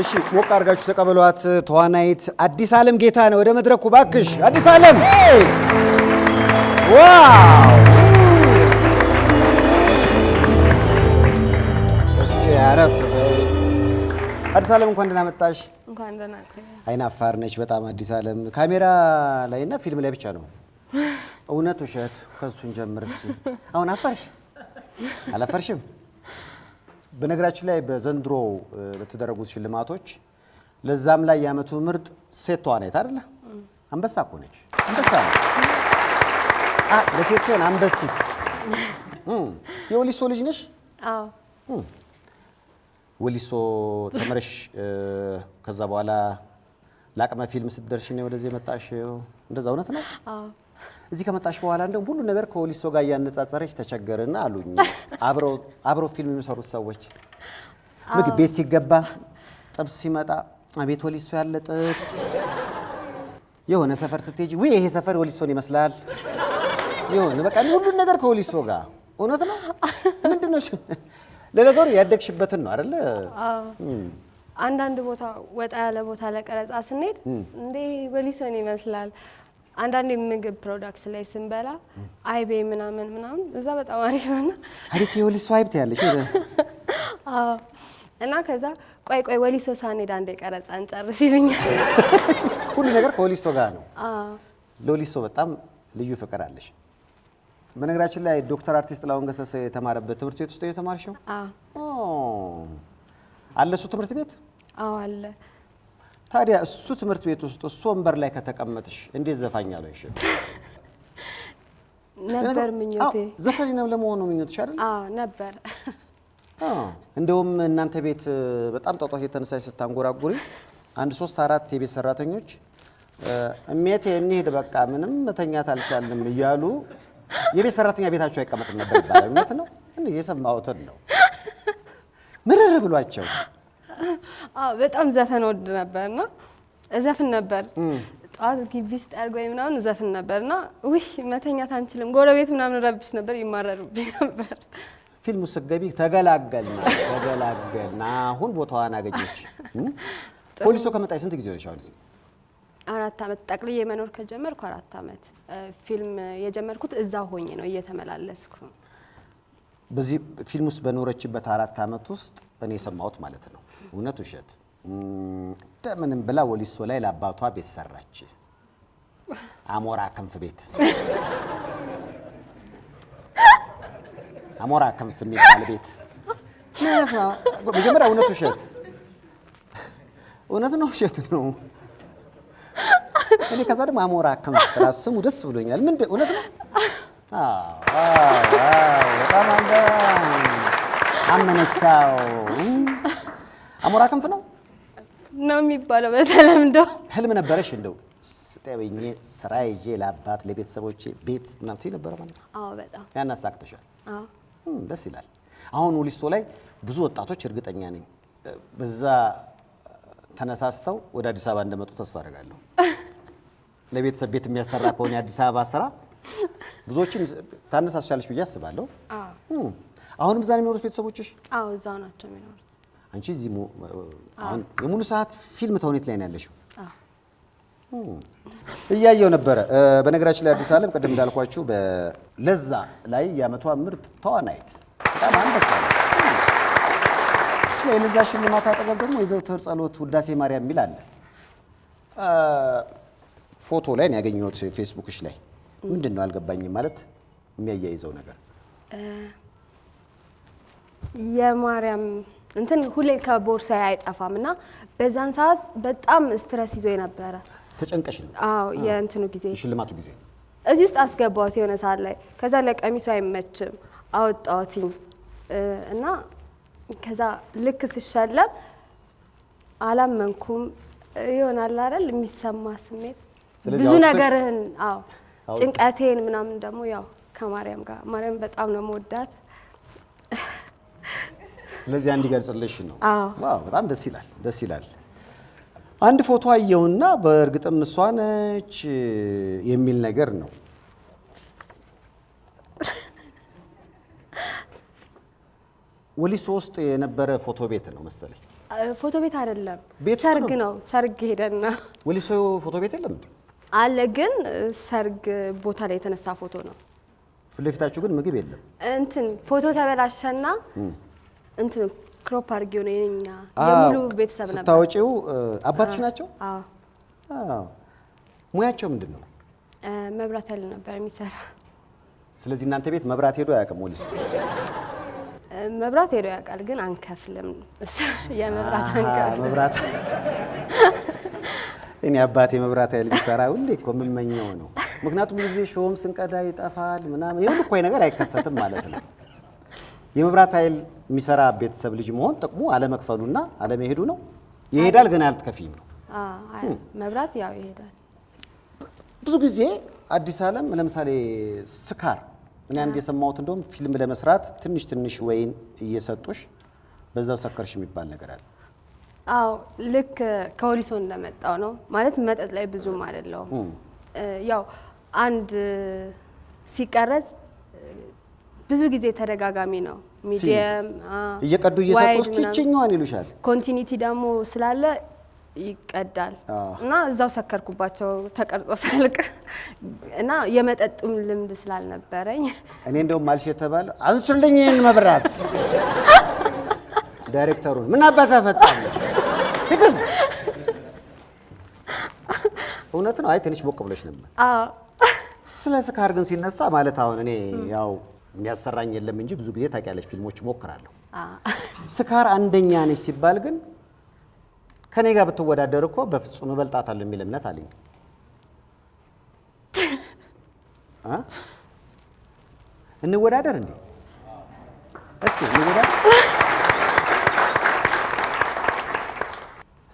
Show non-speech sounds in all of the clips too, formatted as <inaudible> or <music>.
እሺ ሞቅ አድርጋችሁ ተቀበሏት። ተዋናይት አዲስ ዓለም ጌታ ነው። ወደ መድረኩ ባክሽ አዲስ ዓለም። ዋው አለም አዲስ ዓለም እንኳን ደህና መጣሽ። አይን አፋር ነች በጣም አዲስ ዓለም ካሜራ ላይ እና ፊልም ላይ ብቻ ነው እውነት ውሸት፣ ከሱን ጀምር እስኪ። አሁን አፈርሽ አላፈርሽም? በነገራችን ላይ በዘንድሮ ለተደረጉት ሽልማቶች ለዛም ላይ የአመቱ ምርጥ ሴቷ ተዋናይት አይደለ? አንበሳ እኮ ነች። አንበሳ ነው ለሴት ሲሆን አንበሲት። የወሊሶ ልጅ ነሽ? አዎ። ወሊሶ ተምረሽ ከዛ በኋላ ለአቅመ ፊልም ስትደርሽ ነው ወደዚህ የመጣሽው። እንደዛ እውነት ነው? አዎ። እዚህ ከመጣሽ በኋላ እንደው ሁሉ ነገር ከወሊሶ ጋር እያነጻጸረች ተቸገርና አሉኝ። አብረው ፊልም የሚሰሩት ሰዎች ምግብ ቤት ሲገባ ጥብስ ሲመጣ አቤት ወሊሶ ያለ ጥብስ፣ የሆነ ሰፈር ስትሄጂ ውይ ይሄ ሰፈር ወሊሶን ይመስላል፣ የሆነ በቃ ሁሉን ነገር ከወሊሶ ጋር እውነት ነው። ምንድን ነው ለነገሩ ያደግሽበትን ነው አይደለ? አንዳንድ ቦታ ወጣ ያለ ቦታ ለቀረጻ ስንሄድ እንዴ ወሊሶን ይመስላል አንዳንድ የምግብ ፕሮዳክት ላይ ስንበላ አይቤ ምናምን ምናምን እዛ በጣም አሪፍ ነውና አሪፍ የወሊሶ አይብ ትያለሽ <laughs> እና ከዛ ቆይ ቆይ ወሊሶ ሳንሄድ አንዴ ቀረጻ እንጨርስ ይሉኛል። <laughs> ሁሉ ነገር ከወሊሶ ጋር ነው። ለወሊሶ በጣም ልዩ ፍቅር አለሽ። በነገራችን ላይ ዶክተር አርቲስት ጥላሁን ገሰሰ የተማረበት ትምህርት ቤት ውስጥ የተማርሽው አለ እሱ ትምህርት ቤት? አዎ አለ። ታዲያ እሱ ትምህርት ቤት ውስጥ እሱ ወንበር ላይ ከተቀመጥሽ እንዴት ዘፋኝ አለው? ይሽ ነበር ምኞቴ። ዘፋኝ ነው ለመሆኑ ምኞትሽ አይደል? አዎ ነበር። እንደውም እናንተ ቤት በጣም ጧጧት የተነሳሽ ስታንጎራጉሪ አንድ ሶስት አራት የቤት ሰራተኞች እሜቴ እንሂድ በቃ ምንም መተኛት አልቻልንም እያሉ የቤት ሰራተኛ ቤታቸው አይቀመጥም ነበር ይባላል። እውነት ነው? እኔ የሰማሁትን ነው። ምርር ብሏቸው <laughs> በጣም ዘፈን ወድ ነበር እና እዘፍን ነበር ጠዋት ግቢ ስጠርጎኝ ምናምን እዘፍን ነበር እና ውይ መተኛት አንችልም። ጎረቤት ምናምን ረብሽ ነበር፣ ይማረሩብኝ ነበር። ፊልሙ ስትገቢ ተገላገልና ተገላገልና አሁን ቦታዋን አገኘች። <laughs> ፖሊሶ ከመጣ ስንት ጊዜ ሆነሽ? አሁን አራት ዓመት ጠቅልዬ መኖር ከጀመርኩ አራት ዓመት ፊልም የጀመርኩት እዛ ሆኜ ነው እየተመላለስኩ በዚህ ፊልም ውስጥ በኖረችበት አራት ዓመት ውስጥ እኔ የሰማሁት ማለት ነው እውነት ውሸት እንደምንም ብላ ወሊሶ ላይ ለአባቷ ቤት ሰራች። አሞራ ክንፍ ቤት አሞራ ክንፍ የሚባል ቤት መጀመሪያ እውነት ውሸት እውነት ነው ውሸት ነው? እኔ ከዛ ደግሞ አሞራ ክንፍ ራሱ ስሙ ደስ ብሎኛል። ምንድን እውነት ነው በጣም አንተ አመነቻው። አሞራ ክንፍ ነው ነው የሚባለው በተለምዶ። ህልም ነበረሽ እንደው ስጠብኝ ስራ ይዤ ለአባት ለቤተሰቦቼ ቤት ምናምን ትይ ነበረ ማለት ነው? አዎ በጣም ያን ደስ ይላል። አሁን ወሊሶ ላይ ብዙ ወጣቶች እርግጠኛ ነኝ በዛ ተነሳስተው ወደ አዲስ አበባ እንደመጡ ተስፋ አደርጋለሁ። <laughs> ለቤተሰብ ቤት የሚያሰራ ከሆነ የአዲስ አበባ ስራ ብዙዎችም ታነሳሻለሽ ብዬ አስባለሁ። አሁንም እዛ ነው የሚኖሩት ቤተሰቦችሽ? አዎ እዛው ናቸው የሚኖሩት። አንቺ እዚህ አሁን የሙሉ ሰዓት ፊልም ተውኔት ላይ ነው ያለሽው? እያየው ነበረ። በነገራችን ላይ አዲስ አለም ቅድም እንዳልኳችሁ በለዛ ላይ የአመቷ ምርጥ ተዋናይት በጣም የለዛ ሽልማት አጠገብ ደግሞ የዘውትር ጸሎት ውዳሴ ማርያም የሚል አለ። ፎቶ ላይ ነው ያገኘሁት ፌስቡክሽ ላይ ምንድን ነው አልገባኝም። ማለት የሚያያይዘው ነገር የማርያም እንትን ሁሌ ከቦርሳ አይጠፋም እና በዛን ሰዓት በጣም ስትረስ ይዞ የነበረ ተጨንቀሽ ነው? አዎ የእንትኑ ጊዜ ሽልማቱ ጊዜ እዚህ ውስጥ አስገባሁት የሆነ ሰዓት ላይ። ከዛ ለቀሚሱ አይመችም አወጣሁትኝ እና ከዛ ልክ ስሸለም አላመንኩም። ይሆናል አይደል የሚሰማ ስሜት ብዙ ነገርህን አዎ ጭንቀቴን ምናምን ደግሞ ያው ከማርያም ጋር ማርያም በጣም ነው መወዳት። ስለዚህ እንዲገልጽልሽ ነው። ዋው በጣም ደስ ይላል፣ ደስ ይላል። አንድ ፎቶ አየውና በእርግጥም እሷ ነች የሚል ነገር ነው። ወሊሶ ውስጥ የነበረ ፎቶ ቤት ነው መሰለኝ። ፎቶ ቤት አይደለም፣ ሰርግ ነው። ሰርግ ሄደና ወሊሶ ፎቶ ቤት የለም አለ፣ ግን ሰርግ ቦታ ላይ የተነሳ ፎቶ ነው። ፊት ለፊታችሁ ግን ምግብ የለም። እንትን ፎቶ ተበላሸና እንትን ክሮፕ አድርጌው ነው የኛ የሙሉ ቤተሰብ ነበር። ስታወጪው አባትሽ ናቸው? አዎ። ሙያቸው ምንድን ነው? መብራት ያለ ነበር የሚሰራ። ስለዚህ እናንተ ቤት መብራት ሄዶ አያውቅም? ወልስ መብራት ሄዶ ያውቃል፣ ግን አንከፍልም። የመብራት አንከፍልም። መብራት <laughs> እኔ አባቴ መብራት ኃይል ቢሰራ ሁሌ እኮ የምመኘው ነው። ምክንያቱም ጊዜ ሾም ስንቀዳ ይጠፋል ምናምን፣ ይሁን እኮ ነገር አይከሰትም ማለት ነው። የመብራት ኃይል የሚሰራ ቤተሰብ ልጅ መሆን ጥቅሙ አለመክፈሉና አለመሄዱ ነው። ይሄዳል ግን አልትከፊም ነው መብራት ያው ይሄዳል። ብዙ ጊዜ አዲስ ዓለም ለምሳሌ ስካር እኔ አንድ የሰማሁት እንደውም ፊልም ለመስራት ትንሽ ትንሽ ወይን እየሰጡሽ በዛው ሰከርሽ የሚባል ነገር አለ አዎ ልክ ከወሊሶ እንደመጣው ነው ማለት መጠጥ ላይ ብዙም አይደለሁም። ያው አንድ ሲቀረጽ ብዙ ጊዜ ተደጋጋሚ ነው። ሚዲየም እየቀዱ እየሰጡ እስኪችኛዋን ይሉሻል። ኮንቲኒቲ ደግሞ ስላለ ይቀዳል እና እዛው ሰከርኩባቸው ተቀርጾ ሳልቅ እና የመጠጡም ልምድ ስላልነበረኝ እኔ እንደውም አልሽ የተባለ አንሱልኝ ይህን መብራት <laughs> ዳይሬክተሩን ምን አባት አፈጣለ ትግዝ እውነት ነው። አይ ትንሽ ሞቅ ብሎች ነበር። ስለ ስካር ግን ሲነሳ ማለት አሁን እኔ ያው የሚያሰራኝ የለም እንጂ ብዙ ጊዜ ታውቂያለሽ ፊልሞች ሞክራለሁ። ስካር አንደኛ ነች ሲባል ግን ከኔ ጋር ብትወዳደር እኮ በፍጹም እበልጣታለሁ የሚል እምነት አለኝ። እንወዳደር እንዴ? እስኪ እንወዳደር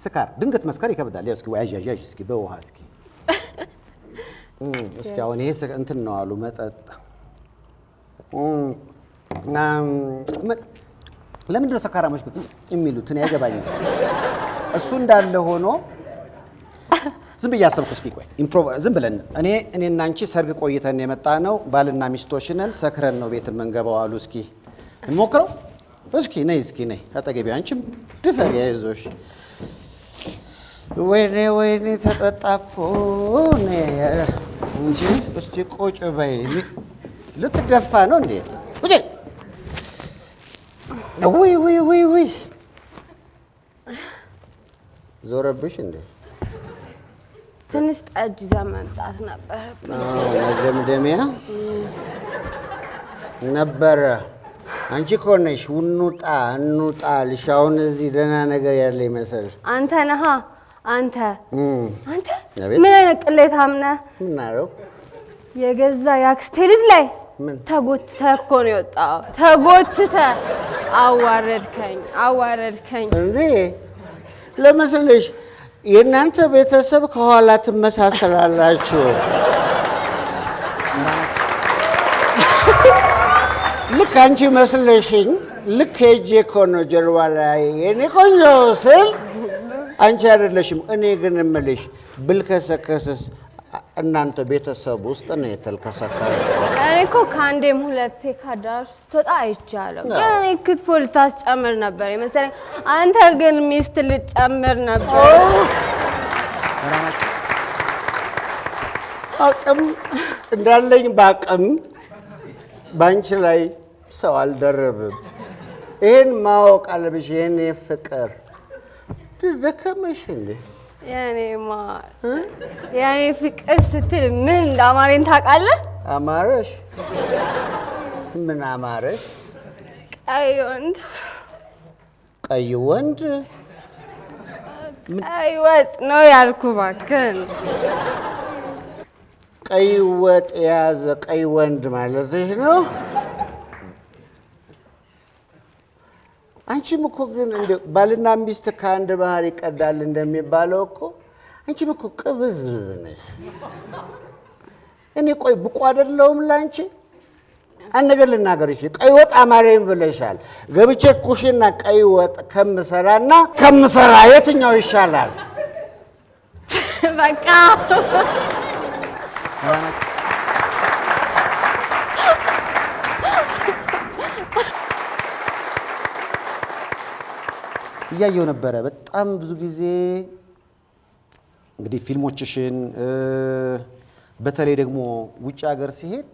ስካር ድንገት መስከር ይከብዳል። እስኪ ወያዥ እስኪ በውሃ እስኪ <laughs> እስኪ አሁን ይሄ እንትን ነው አሉ መጠጥ ለምንድን ነው ሰካራሞች የሚሉትን ያገባኝ። እሱ እንዳለ ሆኖ ዝም ብዬ አሰብኩ። እስኪ ቆይ ዝም ብለን እኔ እኔና አንቺ ሰርግ ቆይተን የመጣ ነው ባልና ሚስቶሽነን ሰክረን ነው ቤት የምንገባው አሉ። እስኪ እንሞክረው። እስኪ ነይ እስኪ ነይ አጠገቢ አንቺም ድፈር ያይዞሽ ወይኔ ወይኔ ተጠጣኩ እንጂ እስቲ ቁጭ በይ። ልትደፋ ነው እንዴ? ቁጭ ውይ ውይ ውይ ውይ ዞረብሽ እንዴ? ትንሽ ጠጅ ዘመንጣት ነበር ነበረ። መደምደሚያ ነበረ። አንቺ እኮ ነሽ ውኑጣ እንውጣ ልሽ። አሁን እዚህ ደህና ነገር ያለ ይመስል አንተ ነሃ አንተ አንተ ምን አይነት ቅሌታም ነህ? ምን የገዛ የአክስቴ ልጅ ላይ ተጎትተ እኮ ነው የወጣው። ተጎትተህ አዋረድከኝ፣ አዋረድከኝ። እንዴ ለመስልሽ የእናንተ ቤተሰብ ከኋላ ትመሳሰላላችሁ። ልክ አንቺ መስለሽኝ ልክ ሄጄ እኮ ነው ጀርባ ላይ የኔ ቆንጆ ስል አንቺ አይደለሽም። እኔ ግን እምልሽ ብልከሰከስስ እናንተ ቤተሰብ ውስጥ ነው የተልከሰከሰ። እኔ እኮ ከአንዴም ሁለቴ ካዳራሽ ስትወጣ አይቻለሁ። እኔ ክትፎ ልታስጨምር ነበር የመሰለኝ። አንተ ግን ሚስት ልጨምር ነበር። አቅም እንዳለኝ በአቅም በአንቺ ላይ ሰው አልደረብም። ይህን ማወቅ አለብሽ። የኔ ፍቅር ደከመሽልህ። የኔ ፍቅር ስትል ምን እንደ አማሬን ታውቃለህ? አማረሽ? ምን አማረሽ? ቀይ ወንድ ቀይ ወንድ ቀይ ወጥ ነው ያልኩ፣ እባክህን። ቀይ ወጥ የያዘ ቀይ ወንድ ማለትሽ ነው? አንቺም እኮ ግን እንደ ባልና ሚስት ከአንድ ባህር ይቀዳል እንደሚባለው እኮ አንቺም እኮ ቅብዝብዝ ነሽ። እኔ ቆይ ብቁ አይደለሁም ለአንቺ? አንድ ነገር ልናገር። ልናገርሽ፣ ቀይ ወጥ አማሪም ብለሻል። ገብቼ ኩሽና ቀይ ወጥ ከምሰራና ከምሰራ የትኛው ይሻላል? በቃ እያየው ነበረ። በጣም ብዙ ጊዜ እንግዲህ ፊልሞችሽን በተለይ ደግሞ ውጭ ሀገር ሲሄድ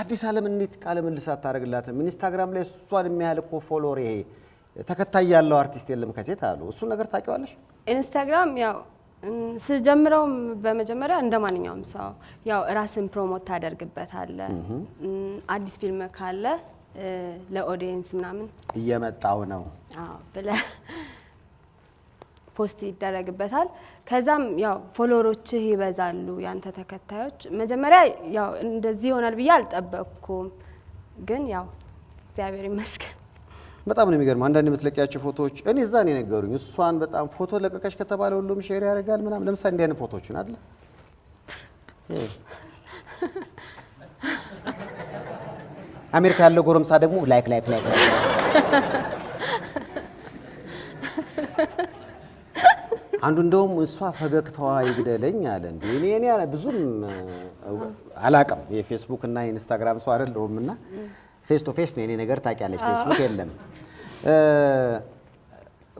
አዲስ አለም እንዴት ቃለ ምልልስ አታደርግላትም? ኢንስታግራም ላይ እሷን የሚያህል እኮ ፎሎወር ይሄ ተከታይ ያለው አርቲስት የለም ከሴት አሉ። እሱን ነገር ታውቂዋለሽ? ኢንስታግራም ያው ስጀምረው በመጀመሪያ እንደ ማንኛውም ሰው ያው ራስን ፕሮሞት ታደርግበታለ። አዲስ ፊልም ካለ ለኦዲየንስ ምናምን እየመጣው ነው ብለህ ፖስት ይደረግበታል። ከዛም ያው ፎሎወሮችህ ይበዛሉ፣ ያንተ ተከታዮች። መጀመሪያ ያው እንደዚህ ይሆናል ብዬ አልጠበቅኩም፣ ግን ያው እግዚአብሔር ይመስገን። በጣም ነው የሚገርም። አንዳንድ የምትለቂያቸው ፎቶዎች እኔ እዛ ነው የነገሩኝ። እሷን በጣም ፎቶ ለቀቀች ከተባለ ሁሉም ሼር ያደርጋል ምናምን። ለምሳሌ እንዲህ አይነት ፎቶዎችን አለ አሜሪካ ያለው ጎረምሳ ደግሞ ላይክ ላይክ ላይክ አንዱ እንደውም እሷ ፈገግታዋ ይግደለኝ አለ። እንደ እኔ እኔ ብዙም አላቅም የፌስቡክ እና የኢንስታግራም ሰው አይደለሁም እና ፌስ ቱ ፌስ ነው የኔ ነገር ታውቂያለሽ። ፌስቡክ የለም።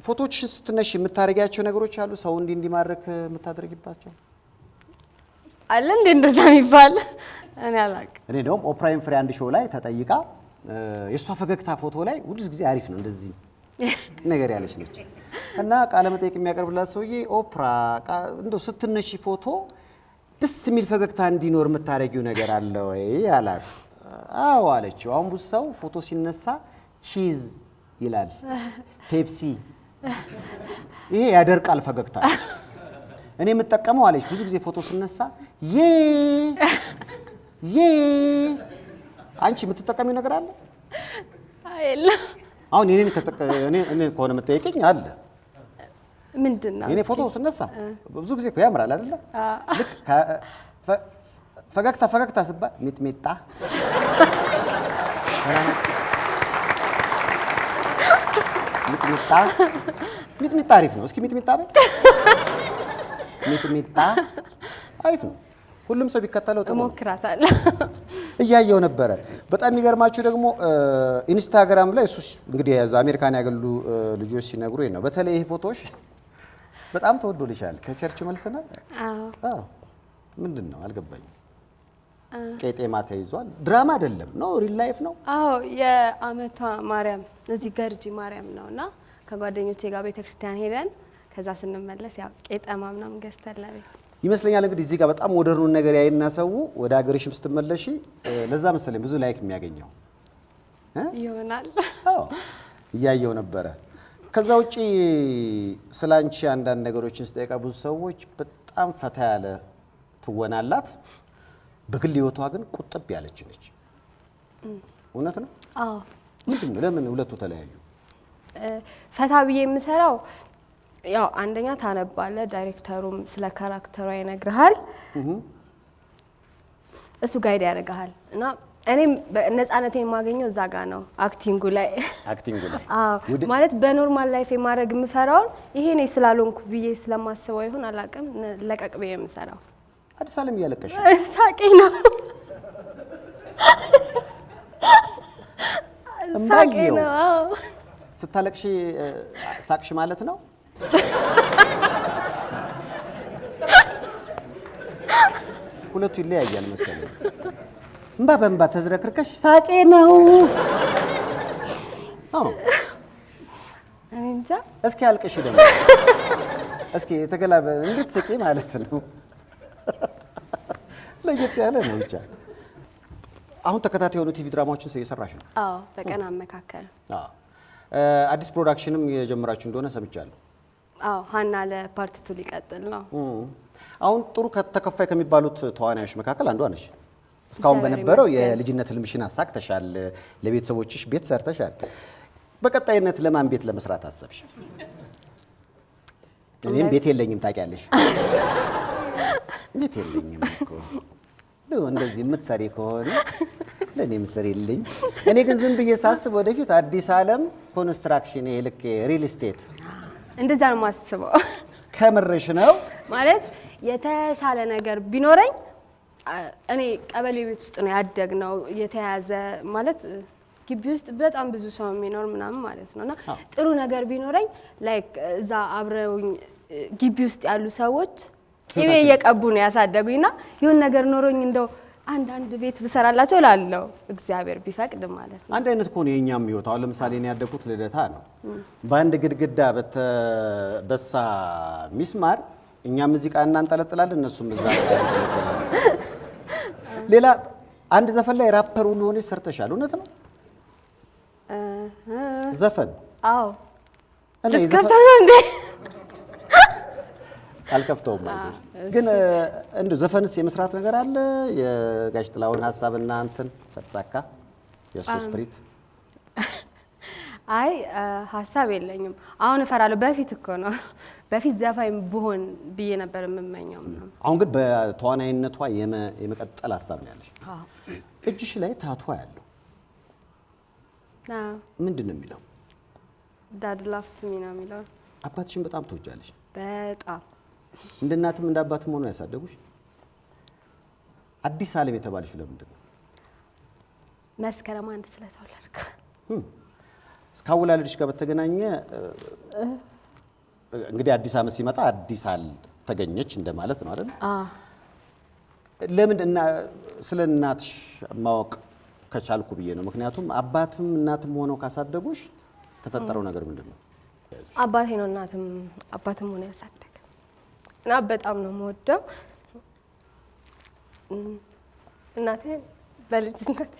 ፎቶዎችሽን ስትነሽ የምታደርጊያቸው ነገሮች አሉ ሰው እንዲህ እንዲማርክ የምታደርጊባቸው አለ እንዴ እንደዛ የሚባል እኔ አላውቅም። እኔ እንደውም ኦፕራ ዊንፍሪ አንድ ሾው ላይ ተጠይቃ የእሷ ፈገግታ ፎቶ ላይ ሁሉስ ጊዜ አሪፍ ነው እንደዚህ <laughs> ነገር ያለች ነች እና ቃለ መጠየቅ የሚያቀርብላት ሰውዬ ኦፕራ እንደ ስትነሺ ፎቶ ደስ የሚል ፈገግታ እንዲኖር የምታደረጊው ነገር አለ ወይ አላት። አዎ አለችው። አሁን ብዙ ሰው ፎቶ ሲነሳ ቺዝ ይላል፣ ፔፕሲ፣ ይሄ ያደርቃል ፈገግታ እኔ የምጠቀመው አለች ብዙ ጊዜ ፎቶ ስነሳ ይ አንቺ የምትጠቀሚው ነገር አለ የለም። አሁን እኔን ከሆነ የምጠየቀኝ አለ ምንድን ነው? እኔ ፎቶ ስነሳ ብዙ ጊዜ እኮ ያምራል አይደለ? ፈገግታ ፈገግታ ስባል ሚጥሚጣ ሚጥሚጣ ሚጥሚጣ አሪፍ ነው። እስኪ ሚጥሚጣ ቤት ሚጥሚጣ አሪፍ ነው። ሁሉም ሰው ቢከተለው ጥሩ ነው። እያየው ነበረ። በጣም የሚገርማችሁ ደግሞ ኢንስታግራም ላይ እሱ እንግዲህ አሜሪካን ያገሉ ልጆች ሲነግሩ ነው። በተለይ ይሄ ፎቶሽ በጣም ተወዶልሻል። ከቸርች መልስ ነው። ምንድን ነው አልገባኝም። ቄጤማ ተይዟል። ድራማ አይደለም ነው፣ ሪል ላይፍ ነው። አዎ የአመቷ ማርያም እዚህ ገርጂ ማርያም ነውና ከጓደኞቼ ጋር ቤተክርስቲያን ሄደን ከዛ ስንመለስ ያው ቄጠማ ምናምን ገዝተን ለቤት ይመስለኛል እንግዲህ እዚህ ጋር በጣም ወደርኑን ነገር ያይና ሰው ወደ ሀገርሽም ስትመለሺ ለዛ መሰለኝ ብዙ ላይክ የሚያገኘው ይሆናል። እያየው ነበረ። ከዛ ውጭ ስለ አንቺ አንዳንድ ነገሮችን ስጠይቃ ብዙ ሰዎች በጣም ፈታ ያለ ትወናላት፣ በግል ህይወቷ ግን ቁጥብ ያለች ነች። እውነት ነው? አዎ። ምንድን ነው ለምን ሁለቱ ተለያዩ? ፈታ ብዬ የምሰራው ያው አንደኛ ታነባለ፣ ዳይሬክተሩም ስለ ካራክተሯ ይነግርሃል፣ እሱ ጋይድ ያደርግሃል እና እኔም ነጻነቴን የማገኘው እዛ ጋ ነው። አክቲንጉ ላይ አክቲንጉ ላይ <laughs> ማለት በኖርማል ላይፍ የማድረግ የምፈራውን ይሄ እኔ ስላልሆንኩ ብዬ ስለማስበው ይሁን አላውቅም፣ ለቀቅ ብዬ የምሰራው አዲስ አለም እያለቀሽ ነው <laughs> ሳቂ ነው። ስታለቅሽ ሳቅሽ ማለት ነው። ሁለቱ ይለያያል መሰለኝ። እንባ በእንባ ተዝረክርከሽ ሳቄ ነው። እስኪ አልቅሽ ደግሞ እስኪ የተገላበ እንዴት ስቂ ማለት ነው። ለየት ያለ ነው ብቻ። አሁን ተከታታይ የሆኑ ቲቪ ድራማዎችን እየሰራሽ ነው? አዎ፣ በቀን አመካከል። አዲስ ፕሮዳክሽንም የጀመራችሁ እንደሆነ ሰምቻለሁ። አዎ ሀና ለፓርቲቱ ሊቀጥል ነው። አሁን ጥሩ ተከፋይ ከሚባሉት ተዋናዮች መካከል አንዷ ነሽ። እስካሁን በነበረው የልጅነት ህልምሽን አሳክተሻል፣ ለቤተሰቦችሽ ቤት ሰርተሻል። በቀጣይነት ለማን ቤት ለመስራት አሰብሽ? እኔም ቤት የለኝም ታውቂያለሽ፣ ቤት የለኝም እኮ እንደዚህ የምትሰሪ ከሆነ ለእኔ ምስር የለኝ። እኔ ግን ዝም ብዬ ሳስብ ወደፊት አዲስ አለም ኮንስትራክሽን፣ ልክ ሪል ስቴት እንደዛ ነው የማስበው። ከምርሽ ነው ማለት የተሻለ ነገር ቢኖረኝ እኔ ቀበሌ ቤት ውስጥ ነው ያደግ ነው የተያዘ ማለት ግቢ ውስጥ በጣም ብዙ ሰው የሚኖር ምናምን ማለት ነው። እና ጥሩ ነገር ቢኖረኝ ላይክ እዛ አብረውኝ ግቢ ውስጥ ያሉ ሰዎች ቅቤ እየቀቡ ነው ያሳደጉኝና ይሁን ነገር ኖሮኝ እንደው አንዳንድ ቤት ብሰራላቸው ላለው እግዚአብሔር ቢፈቅድ ማለት ነው። አንድ አይነት ከሆነ የእኛም ህይወት አሁን ለምሳሌ እኔ ያደግኩት ልደታ ነው። በአንድ ግድግዳ በተበሳ ሚስማር እኛ ሙዚቃ እናንጠለጥላለን፣ እነሱም እዛ ሌላ አንድ ዘፈን ላይ ራፐር ሁሉ ሆነሽ ሰርተሻል። እውነት ነው ዘፈን? አዎ ልትከፍተው ነው እንዴ? አልከፍተውም። አይዞሽ ግን እንዲሁ ዘፈንስ የመስራት ነገር አለ። የጋሽ ጥላውን እና እንትን ከተሳካ የእሱ ስፕሪት <laughs> አይ ሀሳብ የለኝም። አሁን እፈራለሁ። በፊት እኮ ነው በፊት ዘፋኝ ብሆን ብዬ ነበር የምመኘው። አሁን ግን በተዋናይነቷ የመቀጠል ሀሳብ ነው ያለሽ። እጅሽ ላይ ታቷ ያለው ምንድን ነው የሚለው? ዳድ ላቭስ ሚ ነው የሚለው። አባትሽን በጣም ትወጃለሽ? በጣም እንደ እናትም እንደ አባትም ሆኖ ያሳደጉሽ አዲስ አለም የተባለሽ ለምንድን ነው? መስከረም አንድ ስለተወለድክ እስካወላለድሽ ጋር በተገናኘ እንግዲህ አዲስ አመት ሲመጣ አዲስ አል ተገኘች እንደማለት ነው አይደል? ለምን እና ስለ እናትሽ ማወቅ ከቻልኩ ብዬ ነው። ምክንያቱም አባትም እናትም ሆነው ካሳደጉሽ ተፈጠረው ነገር ምንድን ነው? አባቴ ነው እናትም አባትም ሆነ ያሳደ እና በጣም ነው የምወደው። እናቴ በልጅነት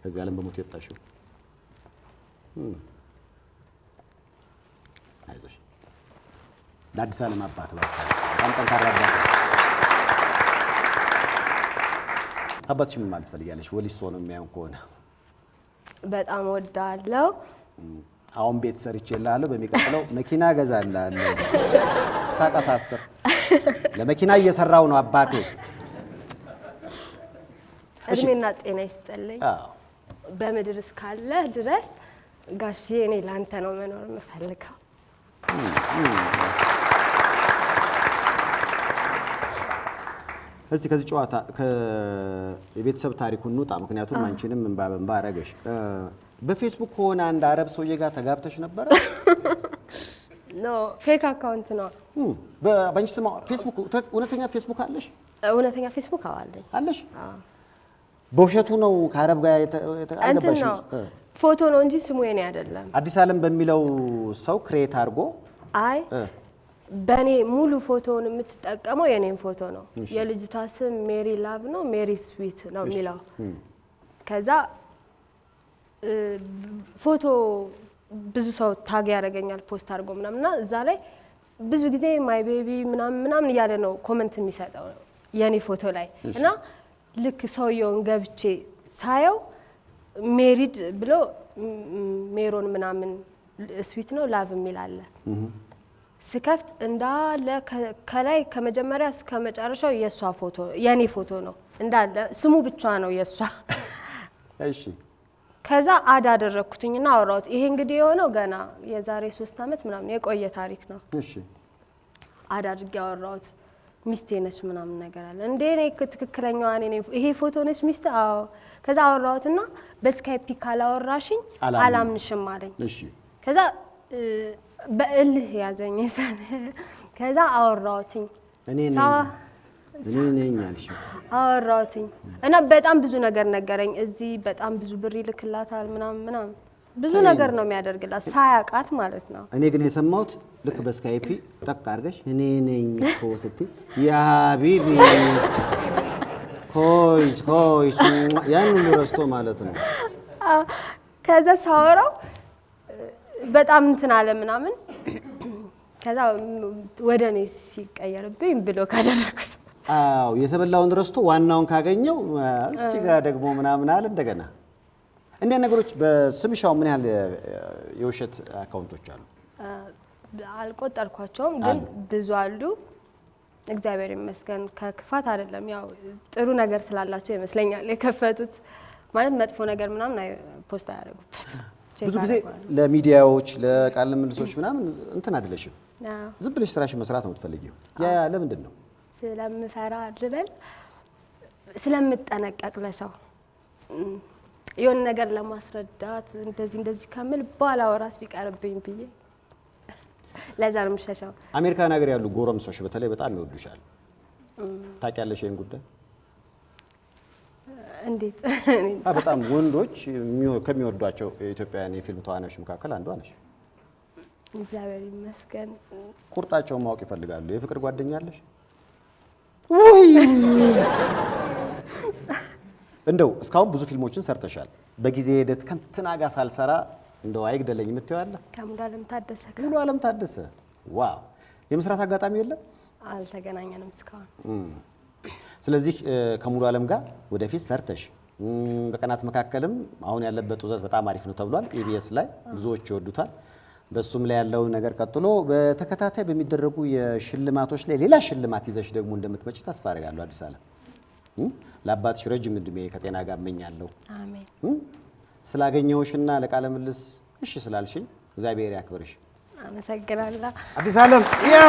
ከዚህ ዓለም በሞት የወጣሽው አይዞሽ፣ ለአዲስ ዓለም አባት በጣም ጠንካራ አባት። አባትሽ ምን ማለት ፈልጋለሽ? ወሊሶ ነው የሚያየው ከሆነ በጣም ወዳለው። አሁን ቤት ሰርቼ እልሃለሁ፣ በሚቀጥለው መኪና እገዛልሃለሁ። ሳቀሳስር ለመኪና እየሰራው ነው አባቴ። እድሜና ጤና ይስጠልኝ። በምድር እስካለ ድረስ ጋሼ፣ እኔ ለአንተ ነው መኖር የምፈልገው። እዚህ ከዚህ ጨዋታ የቤተሰብ ታሪኩ እንውጣ፣ ምክንያቱም አንቺንም እንባ በእንባ አረገሽ። በፌስቡክ ከሆነ አንድ አረብ ሰውዬ ጋር ተጋብተሽ ነበረ? <laughs> ፌክ አካውንት ነው። በአንቺ ስም ፌስቡክ እውነተኛ ፌስቡክ አለሽ? እውነተኛ ፌስቡክ አዋለኝ አለሽ? በውሸቱ ነው ከአረብ ጋር የተገባሽ ፎቶ ነው እንጂ ስሙ የኔ አይደለም። አዲስ አለም በሚለው ሰው ክሬት አድርጎ አይ በእኔ ሙሉ ፎቶውን የምትጠቀመው የኔም ፎቶ ነው። የልጅቷ ስም ሜሪ ላቭ ነው፣ ሜሪ ስዊት ነው የሚለው ከዛ ፎቶ ብዙ ሰው ታግ ያደርገኛል ፖስት አድርጎ ምናምን እና እዛ ላይ ብዙ ጊዜ ማይ ቤቢ ምናምን ምናምን እያለ ነው ኮመንት የሚሰጠው የእኔ ፎቶ ላይ እና ልክ ሰውየውን ገብቼ ሳየው ሜሪድ ብሎ ሜሮን ምናምን ስዊት ነው ላቭ የሚል አለ። ስከፍት እንዳለ ከላይ ከመጀመሪያ እስከ መጨረሻው የእሷ ፎቶ የእኔ ፎቶ ነው እንዳለ ስሙ ብቻ ነው የእሷ። እሺ ከዛ አድ አደረግኩትኝ ና አወራሁት። ይሄ እንግዲህ የሆነው ገና የዛሬ ሶስት አመት ምናምን የቆየ ታሪክ ነው። አድ አድርጌ አወራሁት። ሚስቴ ነች ምናምን ነገር አለ እንዴ እኔ ትክክለኛዋ እኔ ይሄ ፎቶ ነች ሚስት? አዎ። ከዛ አወራሁትና በስካይፒ ካላወራሽኝ አላምንሽም አለኝ። ከዛ በእልህ ያዘኝ። ከዛ አወራሁትኝ እኔ አወራሁትኝ እና በጣም ብዙ ነገር ነገረኝ። እዚህ በጣም ብዙ ብር ይልክላታል ምናምን ምናምን ብዙ ነገር ነው የሚያደርግላት ሳያውቃት ማለት ነው። እኔ ግን የሰማሁት ልክ በስካይፒ ጠቅ አድርገሽ እኔ ነኝ እኮ ስትይ የሀቢቢ ኮይስ ኮይስ ያን ሁሉ ረስቶ ማለት ነው። ከዛ ሳወራው በጣም እንትን አለ ምናምን ከዛ ወደ እኔ ሲቀየርብኝ ብሎ ካደረኩት አዎ የተበላውን ረስቶ ዋናውን ካገኘው እጅ ጋር ደግሞ ምናምን አለ እንደገና። እንዲያ ነገሮች በስምሻው ምን ያህል የውሸት አካውንቶች አሉ? አልቆጠርኳቸውም፣ ግን ብዙ አሉ። እግዚአብሔር ይመስገን ከክፋት አይደለም። ያው ጥሩ ነገር ስላላቸው ይመስለኛል የከፈቱት። ማለት መጥፎ ነገር ምናምን ፖስት አያደርጉበት ብዙ ጊዜ ለሚዲያዎች ለቃለ ምልሶች ምናምን እንትን አይደለሽም፣ ዝም ብለሽ ስራሽን መስራት ነው የምትፈልጊው። ያ ለምንድን ነው? ስለምፈራ ልበል ስለምጠነቀቅ ለሰው የሆነ ነገር ለማስረዳት እንደዚህ እንደዚህ ከምል ባላወራስ ቢቀርብኝ ብዬ ለዛ ነው የምሸሸው። አሜሪካን ሀገር ያሉ ጎረምሶች በተለይ በጣም ይወዱሻል። ታውቂያለሽ ይህን ጉዳይ? እንዴት በጣም ወንዶች ከሚወዷቸው የኢትዮጵያውያን የፊልም ተዋናዮች መካከል አንዷ ነሽ። እግዚአብሔር ይመስገን። ቁርጣቸውን ማወቅ ይፈልጋሉ። የፍቅር ጓደኛ አለሽ? ውይ እንደው እስካሁን ብዙ ፊልሞችን ሰርተሻል። በጊዜ ሂደት ከእንትና ጋር ሳልሰራ እንደው አይግደለኝ የምትይው ከሙሉ አለም ታደሰ ሙሉ አለም ታደሰ። ዋው የመስራት አጋጣሚ የለም? አልተገናኘንም እስካሁን። ስለዚህ ከሙሉ አለም ጋር ወደፊት ሰርተሽ በቀናት መካከልም አሁን ያለበት ውዘት በጣም አሪፍ ነው ተብሏል። ኢቢኤስ ላይ ብዙዎች ይወዱታል። በሱም ላይ ያለውን ነገር ቀጥሎ በተከታታይ በሚደረጉ የሽልማቶች ላይ ሌላ ሽልማት ይዘሽ ደግሞ እንደምትመጭ ተስፋ አደርጋለሁ። አዲስ አለም ለአባትሽ ረጅም እድሜ ከጤና ጋር እመኛለሁ። ስላገኘሁሽና ለቃለ ምልልስ እሺ ስላልሽኝ እግዚአብሔር ያክብርሽ። አመሰግናለሁ አዲስ አለም ያ